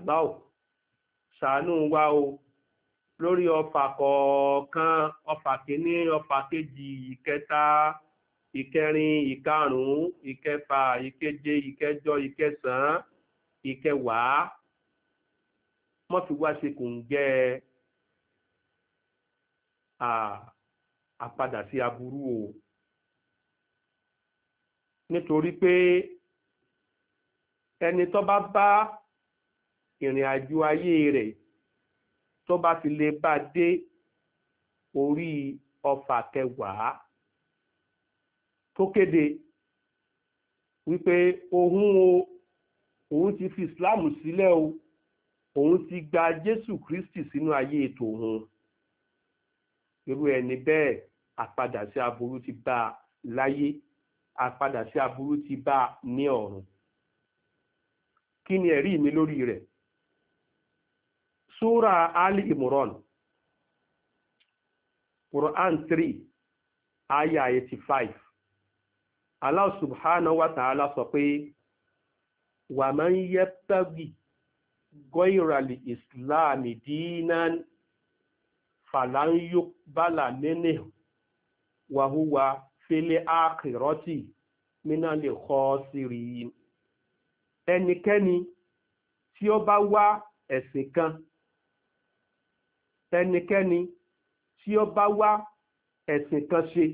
aláwò ṣàánú wa o lórí ọfà kọ̀ọ̀kan ọfà kìíní ọfà kejì ìkẹta ìkẹrin ìkarùnún ìkẹfà ìkeje ìkẹjọ ìkẹsànán ìkẹwàá wọn fi wá ṣe kò ń jẹ àpadà sí aburú o nítorí pé ẹni tó bá bá ìrìn àjò ayé rẹ̀ tó bá fi lè bá dé orí ọfà kẹwàá tó kéde wípé òun o òun ti fi Islam sílẹ̀ o òun ti gba Jésù Kristi sínú ayé ètò òun irú ẹni bẹ́ẹ̀ àpadà sí aburú ti bá a láyé àpadà sí aburú ti bá a ní ọ̀run kí ni ẹ̀rí mi lórí rẹ̀ Súra Ali Imran, Quran 3, Aya 85. Allah subhanahu wa ta'ala sọ pé, Wa man yabtaghi ghayra l-islami dinan falan yuqbala minhu wa huwa fil akhirati minal khasirin. Ẹnikẹ́ni tí ó bá wá ẹ̀sìn kan ẹnikẹ́ni tí ó bá wá ẹ̀sìn kan ṣe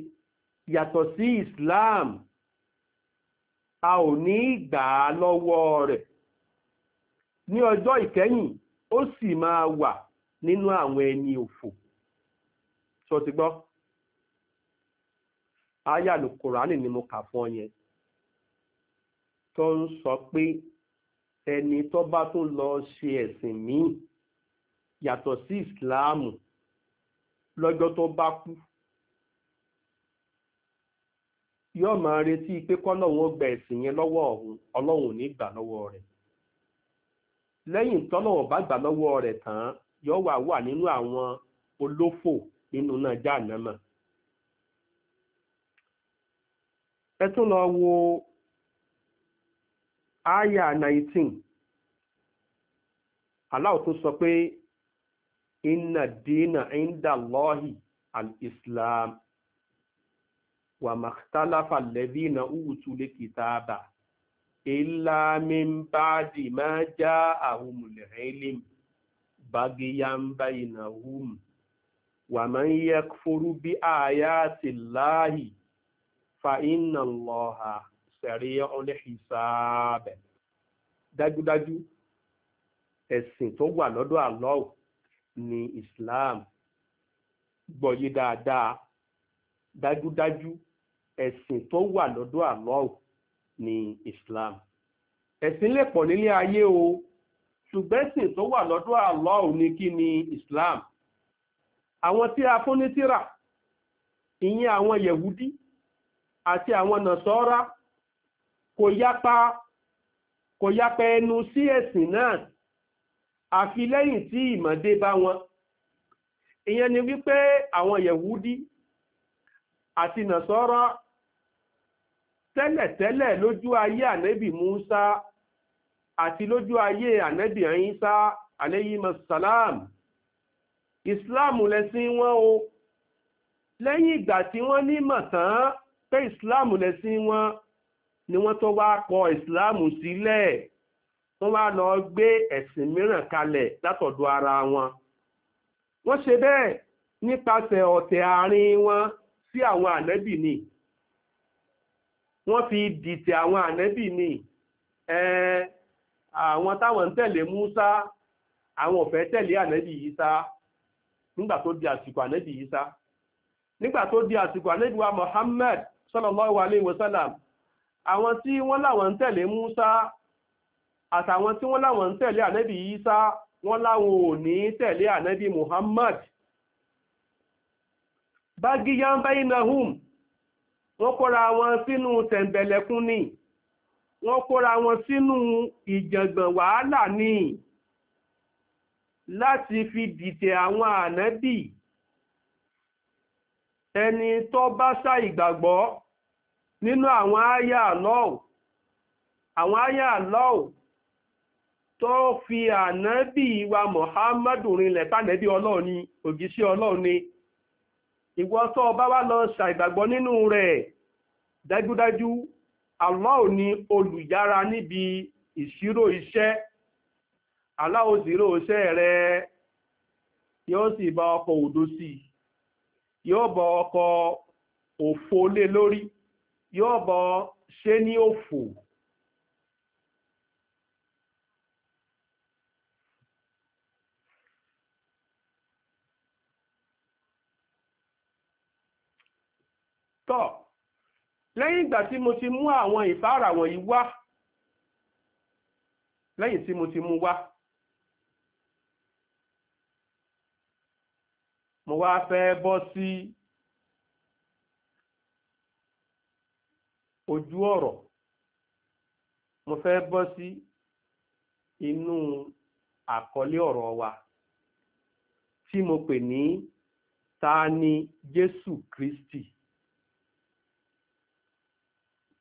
yàtọ̀ sí Islam a ò ní gbà á lọ́wọ́ rẹ̀ ní ọjọ́ ìkẹyìn ó sì máa wà nínú àwọn ẹni òfò sọ ti gbọ́ ayàlù kòránì ni mo kà fún ọ yẹn tó ń sọ pé ẹni tó bá tún lọ ṣe ẹ̀sìn míì yàtọ̀ sí ìsìláàmù lọ́jọ́ tó bá kú yóò máa retí pé kọ́lọ́hún ó gba ẹ̀sìn yẹn lọ́wọ́ ọ̀hún ọlọ́hún ò ní gbà lọ́wọ́ rẹ̀ lẹ́yìn tọ́lọ́hún bá gbà lọ́wọ́ rẹ̀ tán yóò wà wà nínú àwọn olófò nínú náà jáànámà ẹ tún lọ wo aya 19 Allah tún sọ pé inna dina inda Allahi al-islam wa makhtalafa alladhina utul kitaba illa min ba'di ma ja'ahumul ilm bagiyan bainahum wa man yakfuru bi ayati Allahi fa inna Allaha sari'ul hisab dájúdájú ẹ̀sìn tó wà lọ́dọ̀ àlọ́ọ̀ ni Islam gbọ́yé dáadáa dájúdájú ẹ̀sìn tó wà lọ́dọ̀ Allah ni Islam ẹ̀sìn lè pọ̀ nílé ayé o ṣùgbọ́n ẹ̀sìn tó wà lọ́dọ̀ Allah ni kí ni Islam àwọn tí a fún ní tírà ìyẹn àwọn yẹ̀wúdí àti àwọn nàṣọ́ra kò yapa kò yapa ẹnu sí ẹ̀sìn náà àfi lẹ́yìn tí ìmọ̀dé bá wọn ìyẹn ni wípé àwọn yẹ̀wúdí àti nàṣọ́rọ́ tẹ́lẹ̀tẹ́lẹ̀ lójú ayé ànẹ́bì Musa àti lójú ayé ànẹ́bì Isa aleyhimasalam Islam lẹ́sìn wọn o lẹ́yìn ìgbà tí wọ́n ní mọ̀tán pé Islam lẹ́sìn wọn ni wọ́n tó wá kọ Islam sílẹ̀ si wọ́n wá lọ gbé ẹ̀sìn mìíràn kalẹ̀ látọ̀dọ̀ ara wọn wọ́n ṣe bẹ́ẹ̀ nípasẹ̀ ọ̀tẹ̀ àárín wọn sí àwọn ànẹ́bì ni wọ́n fi dìtẹ̀ àwọn ànẹ́bì ni àwọn táwọn ń tẹ̀lé Musa àwọn ò fẹ́ tẹ̀lé ànẹ́bì Isa nígbà tó di àsìkò ànẹ́bì Isa nígbà tó di àsìkò ànẹ́bì wa Muhammad sallallahu alaihi wasallam àwọn tí wọ́n láwọn ń tẹ̀lé Musa àtàwọn tí wọ́n láwọn ń tẹ̀lé ànábì Isa wọ́n láwọn ò ní tẹ̀lé ànábì Muhammad bagiyan bainahum wọ́n kóra wọn sínú tẹ̀m̀bẹ̀lẹ̀kún ni wọ́n kóra wọn sínú ìjàngbọ̀n wàhálà ni láti fi dìtẹ̀ àwọn ànábì ẹni tó bá sá ìgbàgbọ́ nínú àwọn àyà lọ́wọ́ àwọn àyà lọ́wọ́ tó fi ànábì wa Muhammadu rinlẹ̀ pànẹ́bí ọlọ́run ni òjíṣẹ́ ọlọ́run ni ìwọ tó o bá wá lọ ṣàìgbàgbọ́ nínú rẹ̀ dájúdájú Allah ni olùyára níbi ìṣirò iṣẹ́ Allah ó ṣírò iṣẹ́ rẹ̀ yóò sì bá ọkọ̀ òdo sí yóò bọ ọkọ̀ òfo lé lórí yóò bọ ṣé ní òfò. tọ́ lẹ́yìn ìgbà tí mo ti mú àwọn ìfáàrà wọ̀nyí wá lẹ́yìn tí mo ti mú wá mo wá fẹ́ bọ́ sí ojú ọ̀rọ̀ mo fẹ́ bọ́ sí inú àkọlé ọ̀rọ̀ wa tí mo pè ní ta ni Jésù Kristi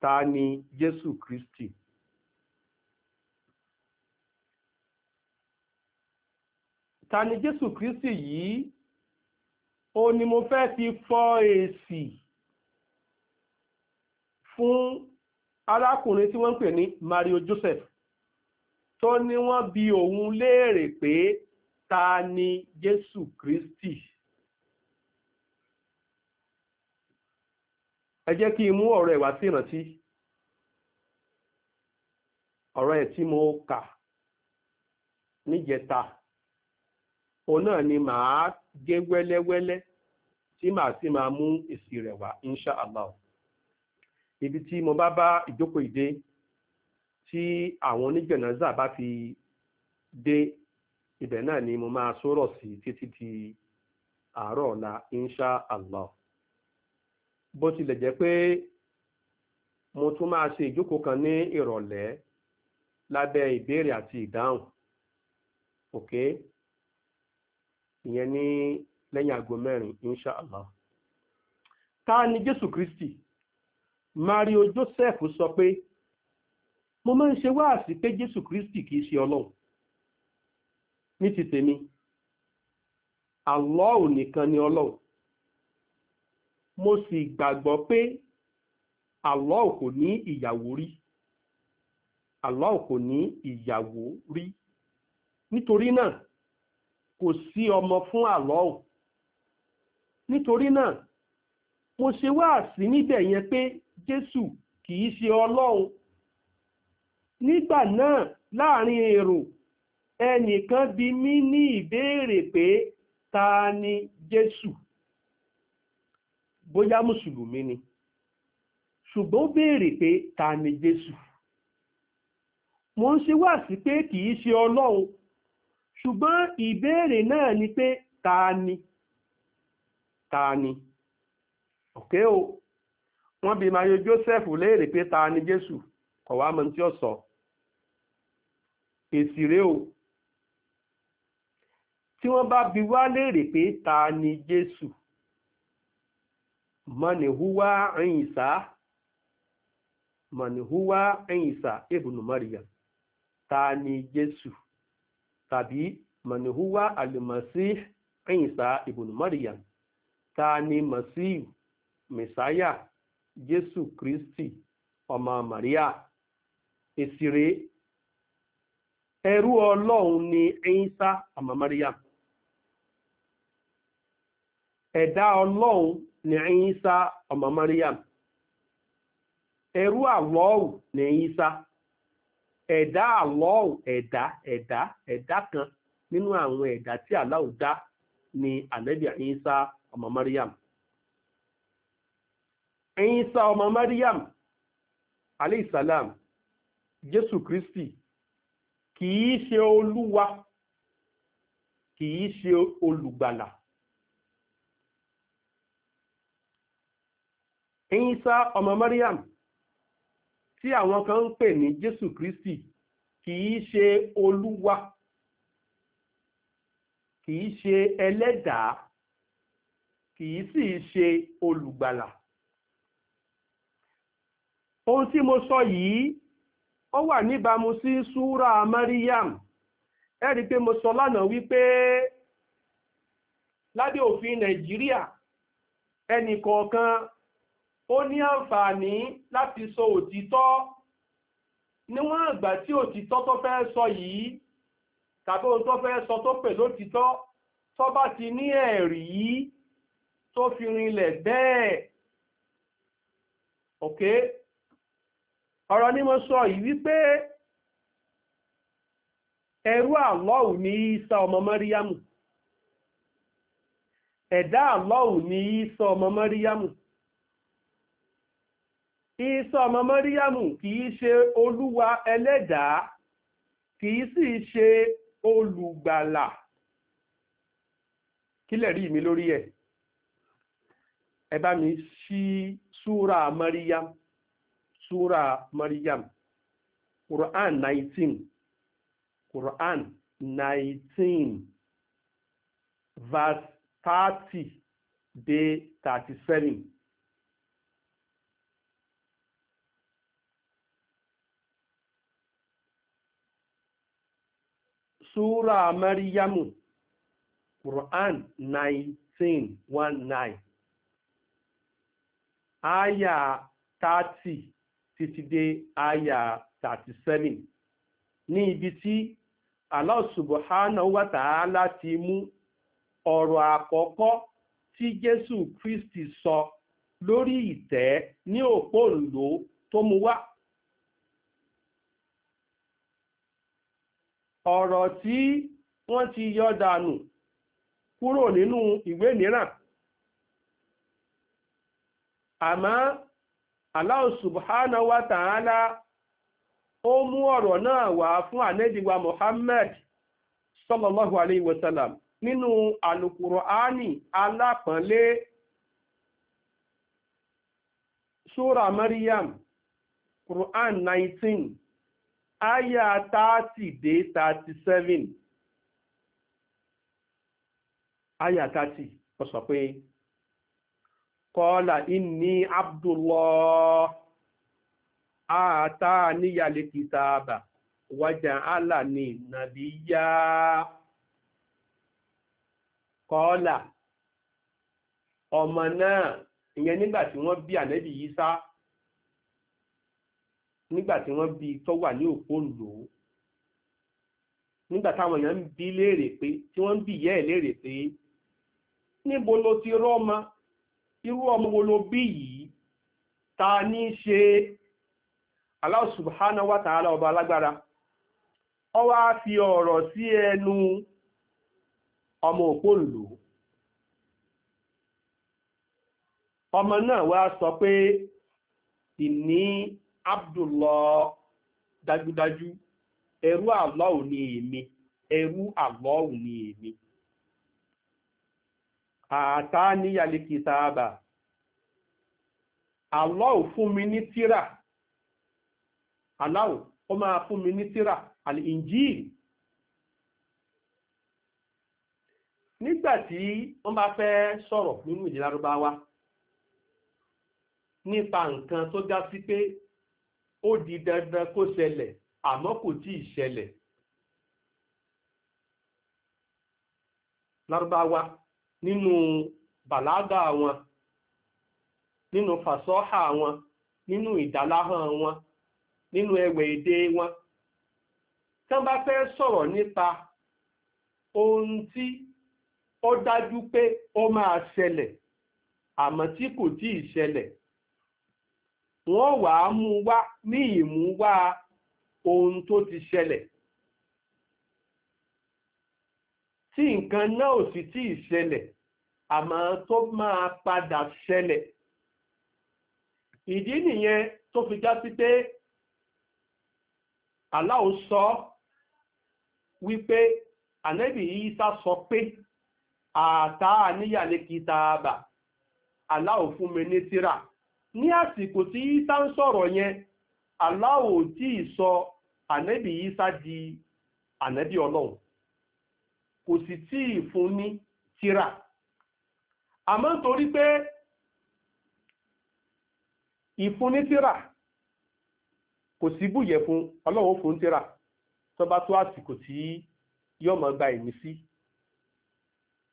ta ni Jésù Kristi ta ni Jésù Kristi yìí ó ní mo fẹ́ fi fọ èsì fún arákùnrin tí wọ́n ń pè ní Mario Joseph tó ní wọ́n bi òun léèrè pé ta ni Jésù Kristi E je kí n mú ọ̀rọ̀ ẹ̀ wá sí ìrántí ọ̀rọ̀ ẹ̀ tí mo kà níjẹta òun náà ni màá gé wẹ́lẹ́wẹ́lẹ́ tí màá sì máa mú èsì rẹ̀ wá insha allah ibi tí mo bá bá ìjókòó ìdé tí àwọn oníjẹ̀nàzà bá fi dé ibẹ̀ náà ni mo máa sọ̀rọ̀ sí títí di àárọ̀ ọ̀la insha allah bó tilẹ̀ jẹ́ pé mo tún máa ṣe ìjókòó kan ní ìrọ̀lẹ́ lábẹ́ ìbéèrè àti ìdáhùn ok ìyẹn ní lẹ́yìn aago mẹ́rin inshàlá ta ni jésù kristi mario joseph sọ pé mo máa ń ṣe wáàsí pé jésù kristi kìí ṣe ọlọ́run ní ti tèmi Allah nìkan ni ọlọ́run mo sì gbàgbọ́ pé Allah kò ní ìyàwó rí Allah kò ní ìyàwó rí nítorí náà kò sí ọmọ fún Allah nítorí náà mo ṣe wáàsí níbẹ̀ yẹn pé Jésù kìí ṣe Ọlọ́run nígbà náà láàrin èrò ẹnìkan bi mí ní ìbéèrè pé ta ni Jésù bóyá mùsùlùmí ni ṣùgbọ́n ó béèrè pé ta ni jésù mo ń ṣe wá sí pé kì ṣe ọlọ́run ṣùgbọ́n ìbéèrè náà ni pé ta ni ta ni òkè o wọ́n bí mayo joseph léèrè pé ta ni jésù kò wá mọ̀ tí ó sọ èsì rèé o tí wọ́n bá bi wá léèrè pé ta ni jésù. man huwa Isa man huwa Isa ibn Maryam ta ni Jésù tàbí man huwa al-Masih Isa ibn Maryam ta ni Masihu Mẹsáyà Jésù Kristi ọmọ Maria èsìrè ẹrú Ọlọ́run ni Isa ọmọ Maria ẹ̀dá Ọlọ́run ní Ìsá ọmọ Mariam ẹrú àlọ́ọ̀hù na Ìsá ẹ̀dá àlọ́ọ̀hù ẹ̀dá ẹ̀dá kan nínú àwọn ẹda tí aláwò dá ni ànábì Ìsá ọmọ Mariam Ìsá ọmọ Mariam aleyhisalam Jésù Kristi kìí ṣe olúwa kìí ṣe olùgbàlà Ìsá ọmọ Maryam, tí àwọn kan ń pè ní Jésù Kristi kìí ṣe olúwa kìí ṣe ẹlẹ́dàá kìí sì ṣe olùgbàlà ohun tí mo sọ yìí ó wà níbàámu sí súra Mariam ẹ rí pé mo sọ lánàá wípé lábẹ́ òfin Nàìjíríà ẹnì kọ̀ọ̀kan ó ní àǹfààní láti sọ òtítọ́ níwọ̀n àgbà tí òtítọ́ tó fẹ́ sọ yìí tàbí ohun tó fẹ́ sọ tó pè lótítọ́ tó bá ti ní ẹ̀rí tó fi rinlẹ̀ bẹ́ẹ̀ ok ọ̀rọ̀ ni mo sọ yìí wípé ẹrú àlọ́ù ní Ìsá ọmọ Mọ́ríyámù ẹ̀dá àlọ́ù ní Ìsá ọmọ Mọ́ríyámù Ìsọ ọmọ Mọ́ríyàmù kìí ṣe olúwa ẹlẹ́dàá kìí sì ṣe olùgbàlà. Kílẹ̀ rí mi lórí ẹ̀. Ẹ bá mi ṣí Súra Mọ́ríyàmù. Súra Mọ́ríyàmù. Quran 19. Quran 19. Verse 30 day 37. Sura Maryamu, Quran 19:19, Aya 30 títí dé Aya 37. Ní ibi tí Allah Subhanahu wa Ta'ala ti mú ọ̀rọ̀ àkọ́kọ́ tí Jésù Kristi sọ lórí ìtẹ́ ní òpóǹdó tó mú wá ọ̀rọ̀ tí wọ́n ti yọ dànù kúrò nínú ìwé mìíràn àmọ́ Allah subhana wa ta'ala ó mú ọ̀rọ̀ náà wá fún ànẹ́dìwà Muhammad sallallahu alayhi wa nínú al ani alápọ̀nlé Sura Maryam Quran 19 áyà tààtì dé tààtì sẹ́fìn áyà tààtì ó sọ pé inni abdullah àtàníyàlè kìtàbà wájà alani nàbíyá kọ́lá ọmọ náà ìyẹn nígbà wọ́n bí ànẹ́bì yìí sá Nigba ti wọ́n bí tó wà ní òpó lò ó nígbà táwọn èèyàn ń bí léèrè pé tí wọ́n ń bí ìyá ẹ̀ léèrè pé níbo lo ti rọ́mọ irú ọmọ wo lo bí yìí ta ní ṣe Allah subhanahu ta'ala ọba alágbára ọ wá fi ọ̀rọ̀ sí ẹnu ọmọ òpó lò ó ọmọ náà wá sọ pé ìní abdullah dájúdájú ẹrú Allah ò ní èmi ẹrú Allah ò ní èmi àtàníyàlè kìtàbà Allah ò fún mi ní tírà Allah ó máa fún mi ní tírà al-Injil nígbàtí wọ́n bá fẹ́ sọ̀rọ̀ nínú ìdílárúbáwá nípa nǹkan tó ó di dandan kó ṣẹlẹ̀ àmọ́ kò tí ì ṣẹlẹ̀ lárúbáwá nínú bàlágà wọn nínú fàsọ́hà wọn nínú ìdáláhàn wọn nínú ẹwẹ̀ èdè wọn tán bá fẹ́ sọ̀rọ̀ nípa ohun tí ó dájú pé ó máa ṣẹlẹ̀ àmọ́ tí kò tí ì ṣẹlẹ̀ wọ́n wà á mú wá ní ìmú wá ohun tó ti ṣẹlẹ̀ tí nǹkan náà ò sì tí ì ṣẹlẹ̀ àmọ́ tó máa padà ṣẹlẹ̀ ìdí nìyẹn tó fi já sí pé Allah sọ wípé ànábì Ìsá sọ pé àtà níyà ní kìtàbà Allah fún mi ní tírà ní àsìkò tí Isa ń sọ̀rọ̀ yẹn Allah ò tí ì sọ ànábì Isa di ànábì ọlọ́run kò sì tí ì fún ní tírà àmọ́ torí pé ìfúnni tírà kò sí búyẹ̀ fún ọlọ́run fún tírà tó bá tó àsìkò tí yóò gba ìmísí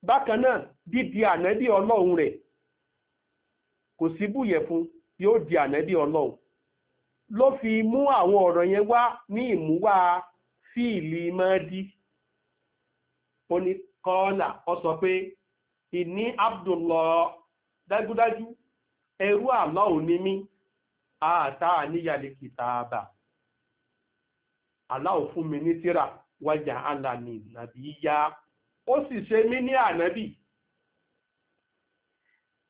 bákan náà dídi ànábì ọlọ́run rẹ̀ kò sí búyẹ̀ fún yóò di ànábì ọlọ́run ló fi mú àwọn ọ̀rọ̀ yẹn wá ní ìmúwá fíìlì mọ́dí ó ní kọ́ọ̀là ó sọ pé ìní Abdullah dájúdájú ẹrú àlọ́ òní mí àtà níyàlẹ̀ kìtààbà aláwọ̀ fún mi ní tíra wájà alàní nàbí yá ó sì ṣe mí ní ànábì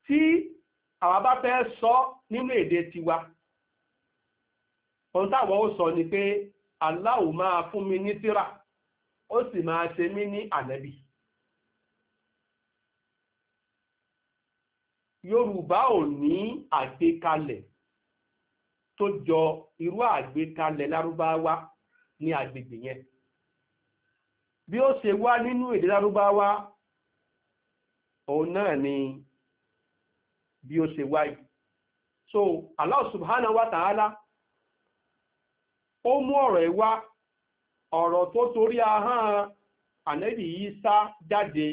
tí àwa bá fẹ́ sọ nínú èdè tiwa ohun táwọn ó sọ ni pé aláwo máa fún mi ní tírà ó sì máa ṣe mí ní ànábì yorùbá ò ní àgbékalẹ̀ tó jọ irú àgbékalẹ̀ lárúbáwá ní agbègbè yẹn bí ó ṣe wá nínú èdè lárúbáwá òun náà ni bí ó ṣe so Allah subhanahu wa ó mú ọ̀rọ̀ ẹ ọ̀rọ̀ tó torí ahọ́n ànẹ́bì yìí sá jáde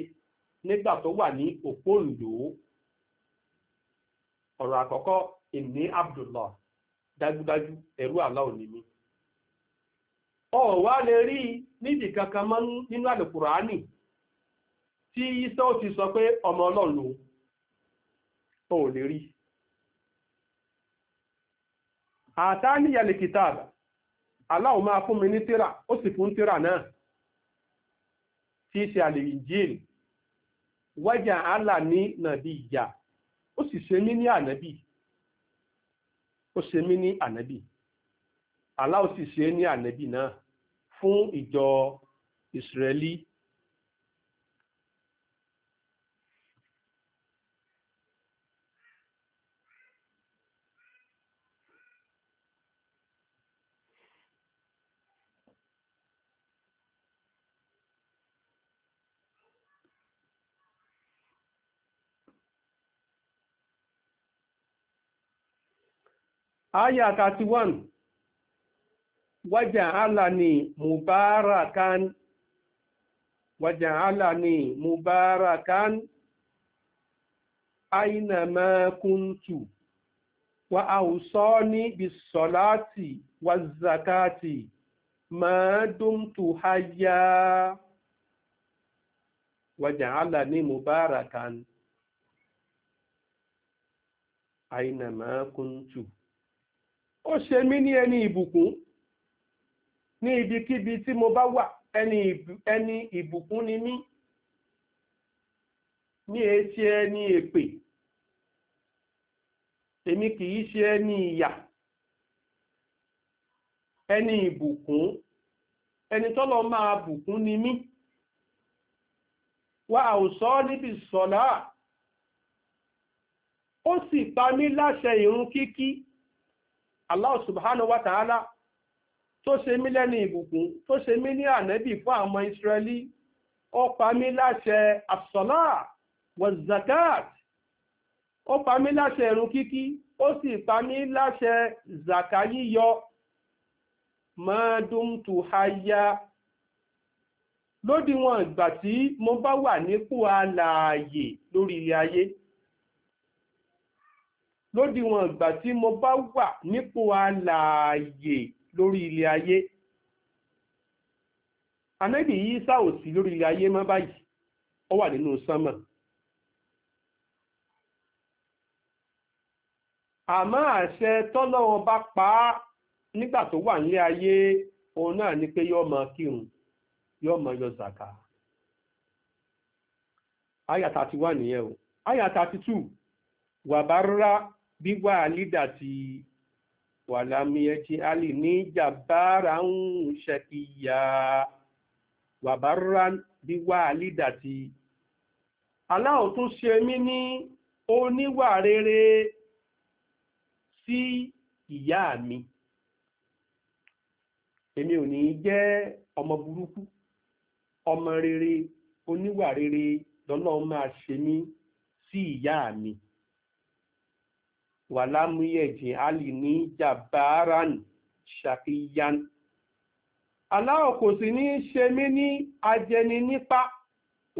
nígbà tó wà ní òpóǹdó ọ̀rọ̀ àkọ́kọ́ ìní Abdullah dájúdájú ẹ̀rú Allah ni mí ọ̀wá lè rí níbi ti sọ ó lè rí àtàníyàlè kìtàbà aláwọ̀ máa fún mi ní tíra ó sì fún tíra náà tí í ṣe àlè ìjìn wájà àlà ní nàbí ìyá ó sì ṣe mí ní ó ṣe mí aya 31 wájà alani mubarakan wájà alani mubarakan ainama kuntu wa awsani bisolati wa zakati ma dumtu hayya wájà alani mubarakan ainama kuntu. ó ṣe mí ní ẹni ìbùkún ní ibikíbi tí mo bá wà ẹni ìbùkún ni mí ní etí ẹni èpè èmi kì í ṣe ẹni ìyà ẹni ìbùkún ẹni tọ́lọ máa bùkún ni mí wa àwùsọ́ níbi sọ̀lá ó sì pa mí láṣẹ ìrun kíkí Allah subhanahu wa ta'ala tó ṣe mí lẹ́ni ìbùkún tó ṣe mí ní ànẹ́bì fún àwọn Israẹli ó pa mí láṣẹ àṣọlá wọ̀zakat ó pa mí láṣẹ ìrun kíkí ó sì pa mí láṣẹ zaka yíyọ mọ́dúntù háyá lódiwọ̀n ìgbà tí mo bá wà nípò alààyè lórí ilé ayé lódiwọ̀n ìgbà tí mo bá wà nípò alààyè lórí ilé ayé anábì Ìsá ò sí lórí ilé ayé mọ́ báyìí ó wà nínú sánmà àmọ́ àṣẹ tọ́lọ́wọ́ bá pa á nígbà tó wà nílé ayé òun náà ni pé yọ́ máa kírun yọ́ máa yọ zàkà àyà 31 nìyẹn o àyà 32 wàbára bíwá lídà ti wàlámiyẹtì alì ní jàbára ń ṣẹkìyà wàbára bíwá lídà ti aláwọ̀ tó ṣe mí ní oníwà rere sí ìyá mi èmi ò ní jẹ́ ọmọ burúkú ọmọ rere oníwà rere lọ́lọ́run máa ṣe sí ìyá mi. Si wàlámúyẹ̀jì alì ní jàbáran ṣàkíyàn aláwọ̀ kò sì ní ṣe mí ní ajẹni nípa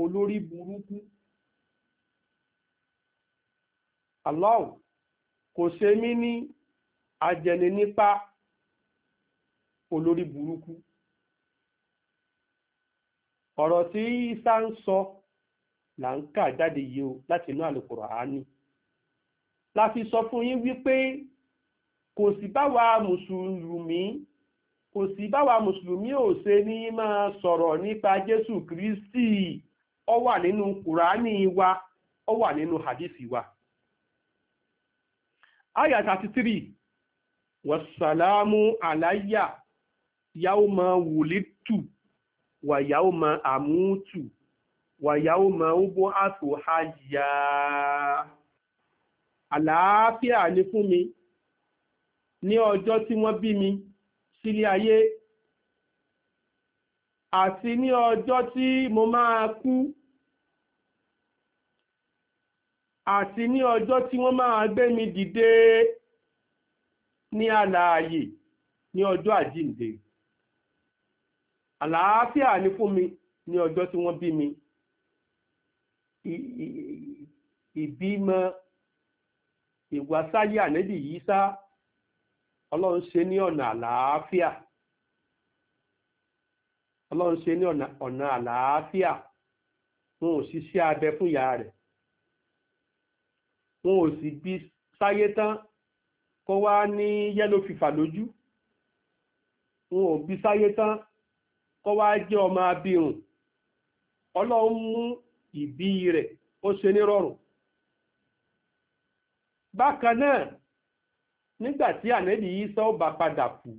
olórí burúkú aláwọ̀ kò ṣe mí ní ajẹni nípa olórí burúkú ọ̀rọ̀ tí isa ń sọ là ń kà jáde yìí o láti inú ní la fi sọ fún yín wípé kò sí báwa mùsùlùmí kò sí báwa mùsùlùmí ò ṣe ní máa sọ̀rọ̀ nípa Jésù Kristi ó wà nínú Kùránì wa ó wà nínú hadisi wa. Aya 33 Wàsàlámú àláyà yáó ma wulitu wà yáó ma àmútù wà yáó ma ó bó àtò àlàáfíà ni fún mi ní ọjọ́ tí wọ́n bí mi sílé ayé àti ní ọjọ́ tí mo máa kú àti ní ọjọ́ tí wọ́n máa gbé mi dìde ní alààyè ní ọjọ́ àjíǹde àlàáfíà ni fún mi ní ọjọ́ tí wọ́n bí mi ìbímọ ìwàsáyé ànẹ́bì yìí sá ọlọ́run ṣe ní ọ̀nà àlàáfíà ọlọ́run ṣe ní ọ̀nà àlàáfíà wọn ò ṣiṣẹ́ abẹ fún ìyá rẹ̀ wọn ò sì bí sáyé tán kó wá ní yẹ́lò fìfà lójú wọn ò bí sáyé tán kó wá jẹ́ ọmọ abirùn ọlọ́run mú ìbí rẹ̀ ó rọrùn bákan náà nígbà tí ànábì Ìsá ó bá padà kú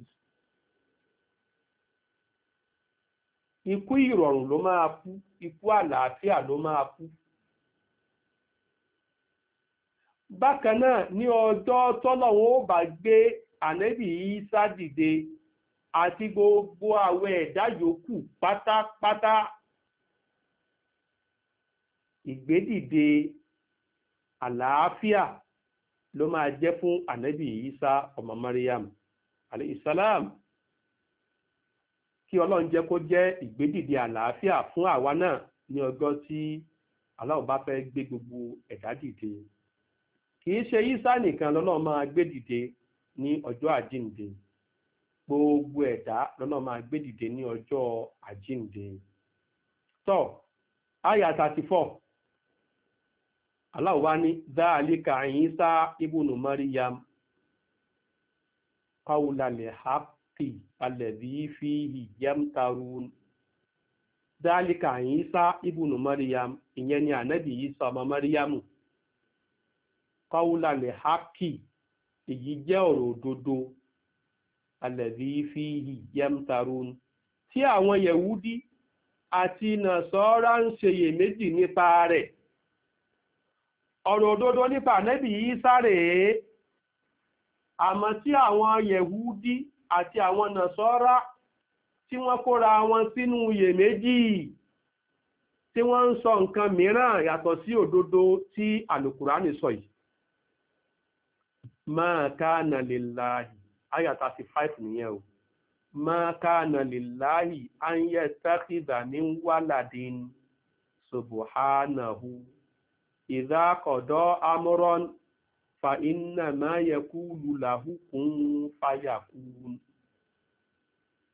ikú ìrọ̀rùn ló máa kú ikú àlàáfíà ló máa kú bákan náà ní ọjọ́ tọ́lọ́run ó bá gbé ànábì Ìsá dìde àti gbogbo àwọn ẹ̀dá yòókù pátápátá ìgbédìde àlàáfíà ló máa jẹ́ fún ànábì Isa ọmọ Mariam alayhisalam kí ọlọ́run jẹ́ kó jẹ́ ìgbédìde àlàáfíà fún àwa náà ní ọjọ́ tí aláwọ̀ bá fẹ́ gbé gbogbo ẹ̀dá dìde kì í ṣe Isa nìkan lọ́lọ́run máa gbé dìde ní ọjọ́ àjíǹde gbogbo ẹ̀dá lọ́nà máa gbé dìde ní ọjọ́ àjíǹde. tọ́ àyà thirty four Allah wá ní dáàlíkà Ìsá ibùnú Maryam qawlalil haqqi alladhi fihi yamtarun dáàlíkà Ìsá ibùnú Maryam ìyẹn ni ànábì Ìsá ọmọ Maryamu qawlalil haqqi èyí jẹ́ ọ̀rọ̀ òdodo alladhi fihi yamtarun tí àwọn Yẹ̀wúdí àti Nàsárà ń ṣeyèméjì nípa rẹ̀ ọ̀rọ̀ òdodo nípa ànẹ́bì Ìsá rèé àmọ́ tí àwọn yẹ̀wúdí àti àwọn nàṣọ́rá tí wọ́n kóra wọn sínú iyèméjì tí wọ́n ń sọ nǹkan mìíràn yàtọ̀ sí òdodo tí àlùkùránì sọ yìí ma kana lillahi àyà 35 nìyẹn o ma kana lillahi an yattakhidha min waladin subhanahu ìdá kọ̀dọ̀ amúrọ́n fa iná máa yẹ kú lùlàhù kún fàyà kú.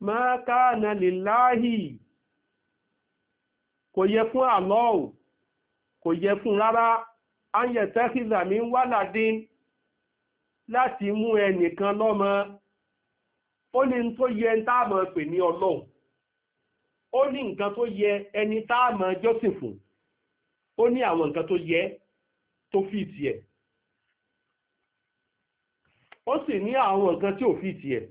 máa káàna lìláhì kò yẹ fún àlọ́ọ̀ kò yẹ fún rárá áyẹ̀ tẹ́kìzà mi ń wálàdín láti mú ẹnìkan lọ́mọ ó ní tó yẹ ń pè ní ọlọ́run ó ní nǹkan tó yẹ ẹni táàmọ̀ jọ́sìn ó ní àwọn nǹkan tó yẹ tó fìtì ẹ̀ ó sì ní àwọn nǹkan tí ò fìtì ẹ̀